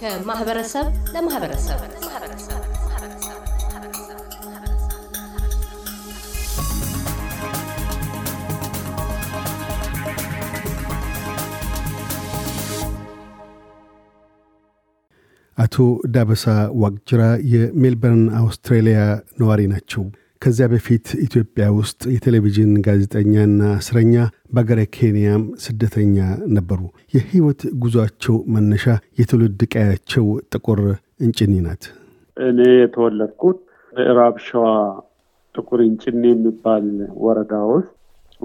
ከማህበረሰብ ለማህበረሰብ አቶ ዳበሳ ዋቅጅራ የሜልበርን አውስትራሊያ ነዋሪ ናቸው። ከዚያ በፊት ኢትዮጵያ ውስጥ የቴሌቪዥን ጋዜጠኛና እስረኛ በአገረ ኬንያም ስደተኛ ነበሩ። የህይወት ጉዟቸው መነሻ የትውልድ ቀያቸው ጥቁር እንጭኒ ናት። እኔ የተወለድኩት ምዕራብ ሸዋ ጥቁር እንጭኒ የሚባል ወረዳ ውስጥ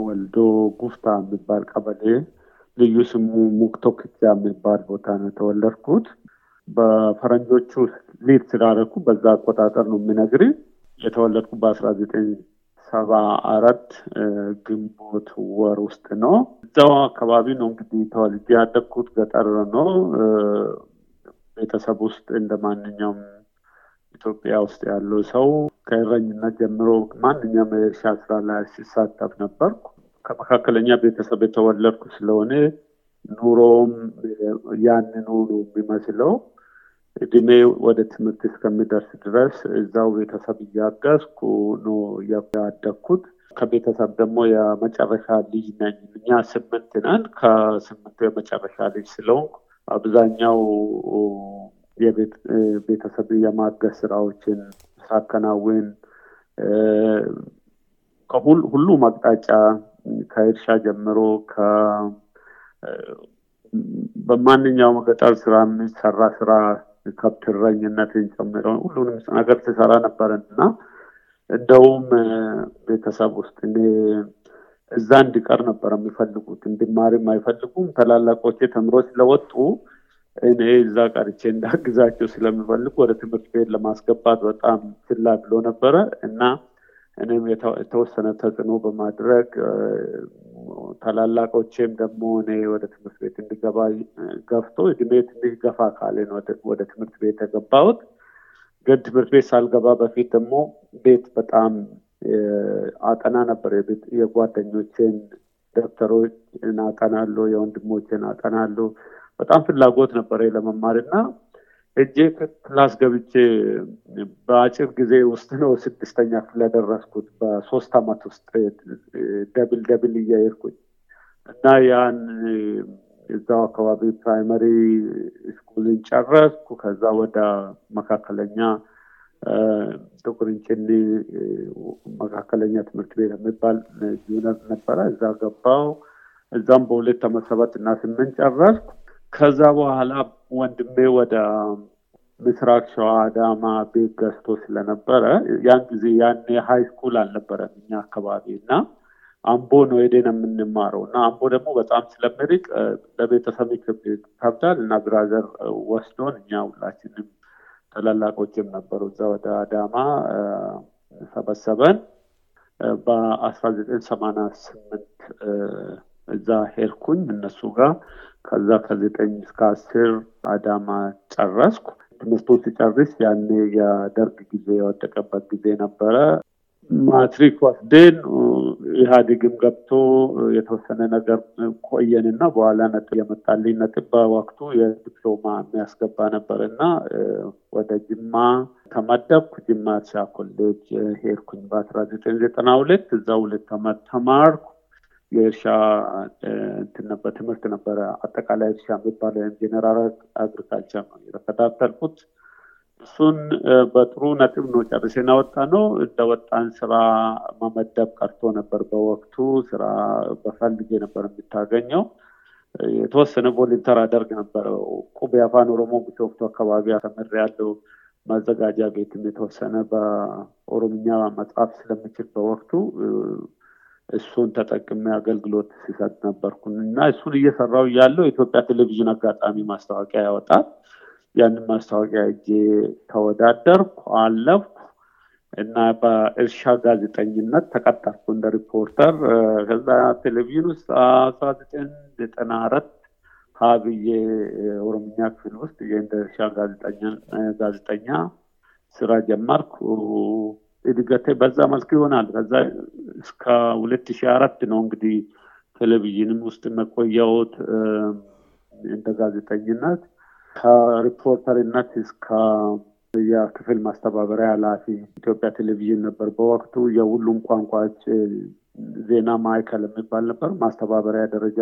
ወልዶ ጉፍታ የሚባል ቀበሌ ልዩ ስሙ ሙክቶክቻ የሚባል ቦታ ነው የተወለድኩት። በፈረንጆቹ ሊድ ስላደረኩ በዛ አቆጣጠር ነው የምነግርህ የተወለድኩ በ 1974 ግንቦት ወር ውስጥ ነው። እዛው አካባቢ ነው እንግዲህ ተወልጄ ያደግኩት ገጠር ነው። ቤተሰብ ውስጥ እንደ ማንኛውም ኢትዮጵያ ውስጥ ያለው ሰው ከእረኝነት ጀምሮ ማንኛውም የእርሻ ስራ ላይ ሲሳተፍ ነበርኩ። ከመካከለኛ ቤተሰብ የተወለድኩ ስለሆነ ኑሮውም ያንኑ ነው የሚመስለው። እድሜ ወደ ትምህርት እስከሚደርስ ድረስ እዛው ቤተሰብ እያገዝኩ ነው ያደግኩት። ከቤተሰብ ደግሞ የመጨረሻ ልጅ ነኝ። እኛ ስምንት ነን። ከስምንቱ የመጨረሻ ልጅ ስለሆንኩ አብዛኛው የቤተሰብ የማገዝ ስራዎችን ሳከናውን ሁሉም አቅጣጫ ከእርሻ ጀምሮ በማንኛውም ገጠር ስራ የሚሰራ ስራ ከብት እረኝነትን ጨምሮ ሁሉንም ነገር ትሰራ ነበረን እና እንደውም ቤተሰብ ውስጥ እኔ እዛ እንዲቀር ነበር የሚፈልጉት፣ እንድማርም አይፈልጉም። ታላላቆቼ ተምሮ ስለወጡ እኔ እዛ ቀርቼ እንዳግዛቸው ስለሚፈልጉ ወደ ትምህርት ቤት ለማስገባት በጣም ችላ ብሎ ነበረ እና እኔም የተወሰነ ተጽዕኖ በማድረግ ታላላቆቼም ደግሞ እኔ ወደ ትምህርት ቤት እንድገባ ገፍቶ እድሜ ትንሽ ገፋ ካለን ወደ ትምህርት ቤት የገባሁት። ግን ትምህርት ቤት ሳልገባ በፊት ደግሞ ቤት በጣም አጠና ነበር። የጓደኞችን ደብተሮች አጠናሉ የወንድሞችን አጠናሉ በጣም ፍላጎት ነበረ ለመማር እና እጄ ክላስ ገብቼ በአጭር ጊዜ ውስጥ ነው ስድስተኛ ክፍል ያደረስኩት። በሶስት አመት ውስጥ ደብል ደብል እያየርኩኝ እና ያን እዛው አካባቢ ፕራይመሪ ስኩልን ጨረስኩ። ከዛ ወደ መካከለኛ ጥቁርንጭኒ መካከለኛ ትምህርት ቤት የሚባል ዩነት ነበረ። እዛ ገባው። እዛም በሁለት አመት ሰባት እና ስምንት ጨረስኩ። ከዛ በኋላ ወንድሜ ወደ ምስራቅ ሸዋ አዳማ ቤት ገዝቶ ስለነበረ ያን ጊዜ ያን ሀይ ስኩል አልነበረም እኛ አካባቢ እና አምቦ ነው ሄደን የምንማረው እና አምቦ ደግሞ በጣም ስለሚርቅ ለቤተሰብ ከብዳል እና ብራዘር ወስዶን እኛ ሁላችንም ተላላቆችም ነበሩ እዛ ወደ አዳማ ሰበሰበን በአስራ ዘጠኝ ሰማና ስምንት እዛ ሄድኩኝ እነሱ ጋር። ከዛ ከዘጠኝ እስከ አስር አዳማ ጨረስኩ። ትምህርቱን ሲጨርስ ያኔ የደርግ ጊዜ የወደቀበት ጊዜ ነበረ። ማትሪክ ወስደን ኢህአዴግም ገብቶ የተወሰነ ነገር ቆየንና በኋላ ነጥብ የመጣልኝ ነጥብ በወቅቱ የዲፕሎማ የሚያስገባ ነበር እና ወደ ጅማ ተመደብኩ። ጅማ እርሻ ኮሌጅ ሄድኩኝ በአስራ ዘጠኝ ዘጠና ሁለት እዛ ሁለት ተማርኩ። የእርሻ ትምህርት ነበረ። አጠቃላይ እርሻ የሚባለ ጀነራል አግሪካልቸር ነው የተከታተልኩት። እሱን በጥሩ ነጥብ ነው ጨርሰን ያወጣ ነው። እንደወጣን ስራ መመደብ ቀርቶ ነበር። በወቅቱ ስራ በፈልግ ነበር የምታገኘው። የተወሰነ ቮሊንተር አደርግ ነበረ ቁብ የአፋን ኦሮሞ ቢሾፍቱ አካባቢ ያለው ማዘጋጃ ቤትም የተወሰነ በኦሮምኛ መጽሐፍ ስለምችል በወቅቱ እሱን ተጠቅሜ አገልግሎት ሲሰጥ ነበርኩን እና እሱን እየሰራው እያለው የኢትዮጵያ ቴሌቪዥን አጋጣሚ ማስታወቂያ ያወጣል። ያንን ማስታወቂያ እጄ ተወዳደርኩ፣ አለፍኩ እና በእርሻ ጋዜጠኝነት ተቀጠርኩ እንደ ሪፖርተር። ከዛ ቴሌቪዥን ውስጥ አስራ ዘጠኝ ዘጠና አራት ሀብዬ ኦሮምኛ ክፍል ውስጥ እርሻ ጋዜጠኛ ስራ ጀመርኩ። እድገት በዛ መልክ ይሆናል። ከዛ እስከ ሁለት ሺ አራት ነው እንግዲህ ቴሌቪዥንም ውስጥ መቆያወት እንደ ጋዜጠኝነት ከሪፖርተርነት እስከ የክፍል ማስተባበሪያ ኃላፊ ኢትዮጵያ ቴሌቪዥን ነበር። በወቅቱ የሁሉም ቋንቋዎች ዜና ማዕከል የሚባል ነበር። ማስተባበሪያ ደረጃ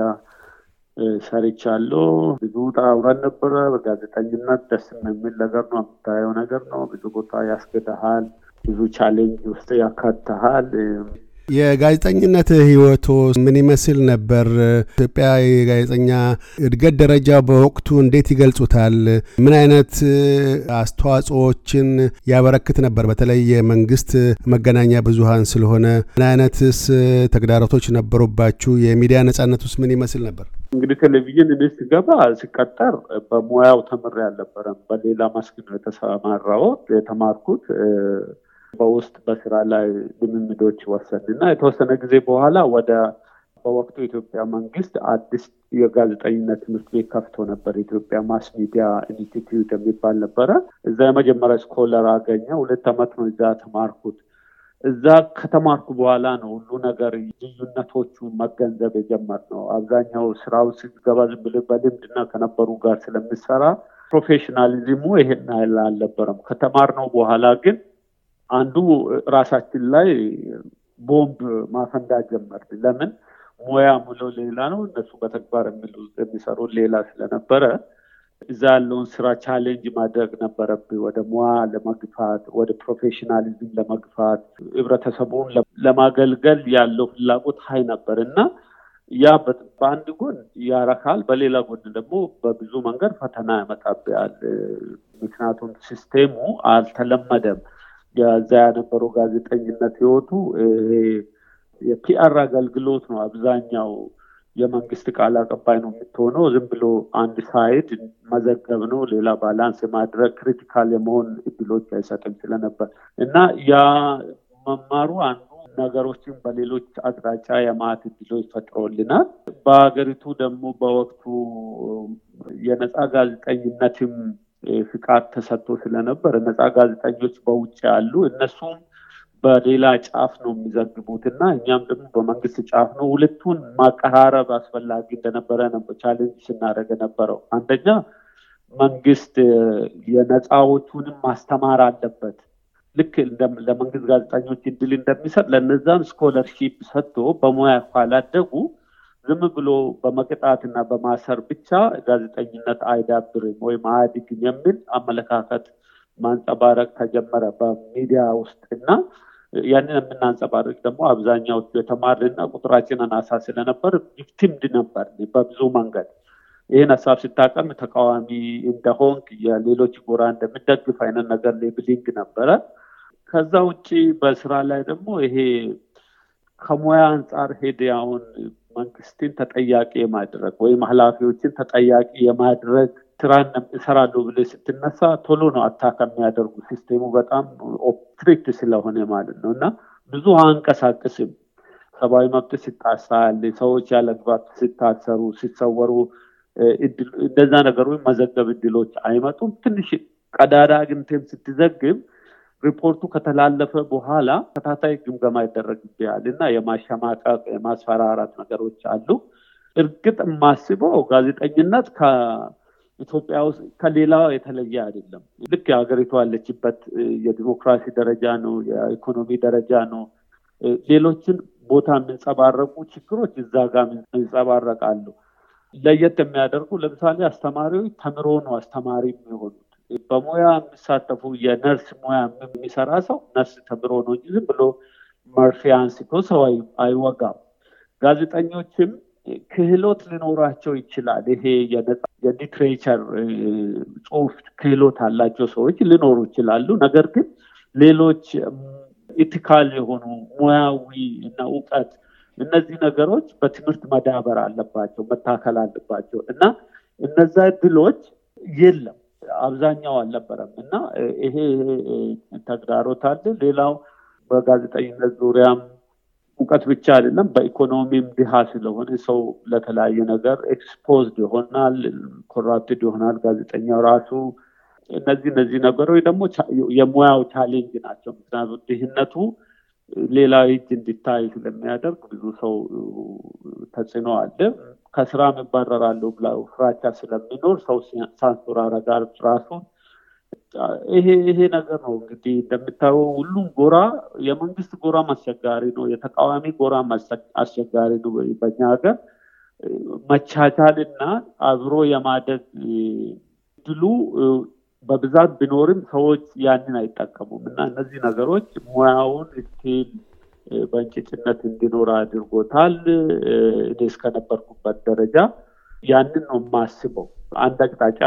ሰርቻለሁ። ብዙ ጣውረን ነበረ። በጋዜጠኝነት ደስ የሚል ነገር ነው፣ የምታየው ነገር ነው። ብዙ ቦታ ያስገድሃል። ብዙ ቻሌንጅ ውስጥ ያካትሃል። የጋዜጠኝነት ህይወቶ ምን ይመስል ነበር? ኢትዮጵያ የጋዜጠኛ እድገት ደረጃ በወቅቱ እንዴት ይገልጹታል? ምን አይነት አስተዋጽኦዎችን ያበረክት ነበር? በተለይ የመንግስት መገናኛ ብዙሃን ስለሆነ ምን አይነትስ ተግዳሮቶች ነበሩባችሁ? የሚዲያ ነጻነት ውስጥ ምን ይመስል ነበር? እንግዲህ ቴሌቪዥን እኔ ስገባ ስቀጠር በሙያው ተምሬ አልነበረም። በሌላ መስክ ነው የተሰማራሁት የተማርኩት በውስጥ በስራ ላይ ልምምዶች ወሰን እና የተወሰነ ጊዜ በኋላ ወደ በወቅቱ ኢትዮጵያ መንግስት አዲስ የጋዜጠኝነት ትምህርት ቤት ከፍቶ ነበር። ኢትዮጵያ ማስ ሚዲያ ኢንስቲትዩት የሚባል ነበረ። እዛ የመጀመሪያ ስኮለር አገኘ። ሁለት ዓመት ነው እዛ ተማርኩት። እዛ ከተማርኩ በኋላ ነው ሁሉ ነገር ልዩነቶቹ መገንዘብ ነው። አብዛኛው ስራው ስገባ ዝም በልምድና ከነበሩ ጋር ስለምሰራ ፕሮፌሽናሊዝሙ ይሄን ያህል አልነበረም። ከተማርነው በኋላ ግን አንዱ ራሳችን ላይ ቦምብ ማፈንዳት ጀመር። ለምን ሙያ ሙለው ሌላ ነው፣ እነሱ በተግባር የሚሰሩ ሌላ ስለነበረ እዛ ያለውን ስራ ቻሌንጅ ማድረግ ነበረብኝ። ወደ ሙያ ለመግፋት፣ ወደ ፕሮፌሽናሊዝም ለመግፋት፣ ህብረተሰቡን ለማገልገል ያለው ፍላጎት ሀይ ነበር እና ያ በአንድ ጎን ያረካል፣ በሌላ ጎን ደግሞ በብዙ መንገድ ፈተና ያመጣብያል። ምክንያቱም ሲስቴሙ አልተለመደም። የዛ የነበረው ጋዜጠኝነት ህይወቱ የፒአር አገልግሎት ነው። አብዛኛው የመንግስት ቃል አቀባይ ነው የምትሆነው። ዝም ብሎ አንድ ሳይድ መዘገብ ነው። ሌላ ባላንስ የማድረግ ክሪቲካል የመሆን እድሎች አይሰጥም ስለነበር እና ያ መማሩ አንዱ ነገሮችን በሌሎች አቅጣጫ የማት እድሎች ፈጥሮልናል። በሀገሪቱ ደግሞ በወቅቱ የነፃ ጋዜጠኝነትም ፍቃድ ተሰጥቶ ስለነበር ነፃ ጋዜጠኞች በውጭ ያሉ እነሱም በሌላ ጫፍ ነው የሚዘግቡት እና እኛም ደግሞ በመንግስት ጫፍ ነው። ሁለቱን ማቀራረብ አስፈላጊ እንደነበረ ነው ቻሌንጅ ስናደርግ ነበረው። አንደኛ መንግስት የነፃዎቹንም ማስተማር አለበት። ልክ ለመንግስት ጋዜጠኞች እድል እንደሚሰጥ ለነዛም ስኮለርሺፕ ሰጥቶ በሙያ ካላደጉ ዝም ብሎ በመቅጣትና በማሰር ብቻ ጋዜጠኝነት አይዳብርም ወይም አያድግም የሚል አመለካከት ማንጸባረቅ ተጀመረ በሚዲያ ውስጥ እና ያንን የምናንጸባረቅ ደግሞ አብዛኛዎቹ የተማርና ቁጥራችን አናሳ ስለነበር ቪክቲምድ ነበር በብዙ መንገድ ይህን ሀሳብ ስታቀም ተቃዋሚ እንደሆንክ የሌሎች ጎራ እንደምደግፍ አይነት ነገር ሌብሊንግ ነበረ። ከዛ ውጭ በስራ ላይ ደግሞ ይሄ ከሙያ አንጻር ሄድ አሁን መንግስትን ተጠያቂ የማድረግ ወይም ኃላፊዎችን ተጠያቂ የማድረግ ስራ እሰራለሁ ብለ ስትነሳ ቶሎ ነው አታ ከሚያደርጉ ሲስቴሙ በጣም ኦፕትሪክት ስለሆነ ማለት ነው እና ብዙ አንቀሳቅስም። ሰብአዊ መብት ሲጣሳል፣ ሰዎች ያለግባት ሲታሰሩ፣ ሲሰወሩ እንደዛ ወይም መዘገብ እድሎች አይመጡም። ትንሽ ቀዳዳ አግኝተም ስትዘግብ ሪፖርቱ ከተላለፈ በኋላ ተከታታይ ግምገማ ይደረግብያል እና የማሸማቀቅ የማስፈራራት ነገሮች አሉ። እርግጥ የማስበው ጋዜጠኝነት ኢትዮጵያ ውስጥ ከሌላ የተለየ አይደለም። ልክ የሀገሪቱ ያለችበት የዲሞክራሲ ደረጃ ነው፣ የኢኮኖሚ ደረጃ ነው። ሌሎችን ቦታ የሚንጸባረቁ ችግሮች እዛ ጋር ይንጸባረቃሉ። ለየት የሚያደርጉ ለምሳሌ አስተማሪዎች ተምሮ ነው አስተማሪ የሚሆኑ በሙያ የሚሳተፉ የነርስ ሙያ የሚሰራ ሰው ነርስ ተምሮ ነው እንጂ ዝም ብሎ መርፌ አንስቶ ሰው አይወጋም። ጋዜጠኞችም ክህሎት ሊኖራቸው ይችላል። ይሄ የሊትሬቸር ጽሁፍ ክህሎት አላቸው ሰዎች ሊኖሩ ይችላሉ። ነገር ግን ሌሎች ኢቲካል የሆኑ ሙያዊ እና እውቀት እነዚህ ነገሮች በትምህርት መዳበር አለባቸው፣ መታከል አለባቸው እና እነዛ እድሎች የለም። አብዛኛው አልነበረም እና ይሄ ተግዳሮት አለ። ሌላው በጋዜጠኝነት ዙሪያም እውቀት ብቻ አይደለም፣ በኢኮኖሚም ድሃ ስለሆነ ሰው ለተለያየ ነገር ኤክስፖዝድ ይሆናል፣ ኮራፕትድ ይሆናል ጋዜጠኛው ራሱ። እነዚህ እነዚህ ነገሮች ደግሞ የሙያው ቻሌንጅ ናቸው። ምክንያቱ ድህነቱ ሌላዊ እንዲታይ ስለሚያደርግ ብዙ ሰው ተጽዕኖ አለ። ከስራ እባረራለሁ ብላ ፍራቻ ስለሚኖር ሰው ሳንሱር አረጋር ራሱን። ይሄ ይሄ ነገር ነው እንግዲህ እንደምታየው ሁሉም ጎራ የመንግስት ጎራም አስቸጋሪ ነው፣ የተቃዋሚ ጎራ አስቸጋሪ ነው። በኛ ሀገር መቻቻል እና አብሮ የማደግ ድሉ በብዛት ቢኖርም ሰዎች ያንን አይጠቀሙም እና እነዚህ ነገሮች ሙያውን ስቲል በእንጭጭነት እንዲኖር አድርጎታል። እኔ እስከነበርኩበት ደረጃ ያንን ነው የማስበው። አንድ አቅጣጫ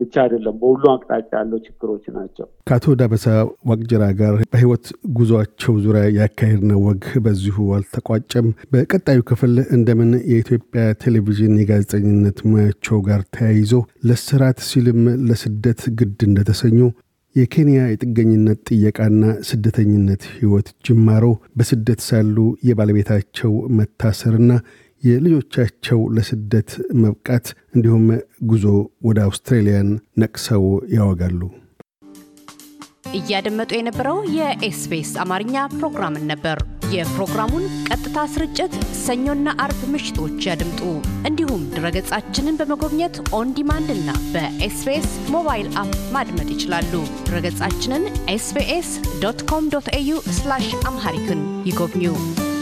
ብቻ አይደለም፣ በሁሉ አቅጣጫ ያለው ችግሮች ናቸው። ከአቶ ዳበሳ ዋቅጅራ ጋር በህይወት ጉዟቸው ዙሪያ ያካሄድነው ወግ በዚሁ አልተቋጨም። በቀጣዩ ክፍል እንደምን የኢትዮጵያ ቴሌቪዥን የጋዜጠኝነት ሙያቸው ጋር ተያይዞ ለስራት ሲልም ለስደት ግድ እንደተሰኙ የኬንያ የጥገኝነት ጥየቃና ስደተኝነት ህይወት ጅማሮ፣ በስደት ሳሉ የባለቤታቸው መታሰርና የልጆቻቸው ለስደት መብቃት እንዲሁም ጉዞ ወደ አውስትሬልያን ነቅሰው ያወጋሉ። እያደመጡ የነበረው የኤስቢኤስ አማርኛ ፕሮግራምን ነበር። የፕሮግራሙን ቀጥታ ስርጭት ሰኞና አርብ ምሽቶች ያድምጡ። እንዲሁም ድረገጻችንን በመጎብኘት ኦን እና በኤስቢኤስ ሞባይል አፕ ማድመጥ ይችላሉ። ድረገጻችንን ኤስቢኤስ ዶት ኮም ዶት ኤዩ አምሃሪክን ይጎብኙ።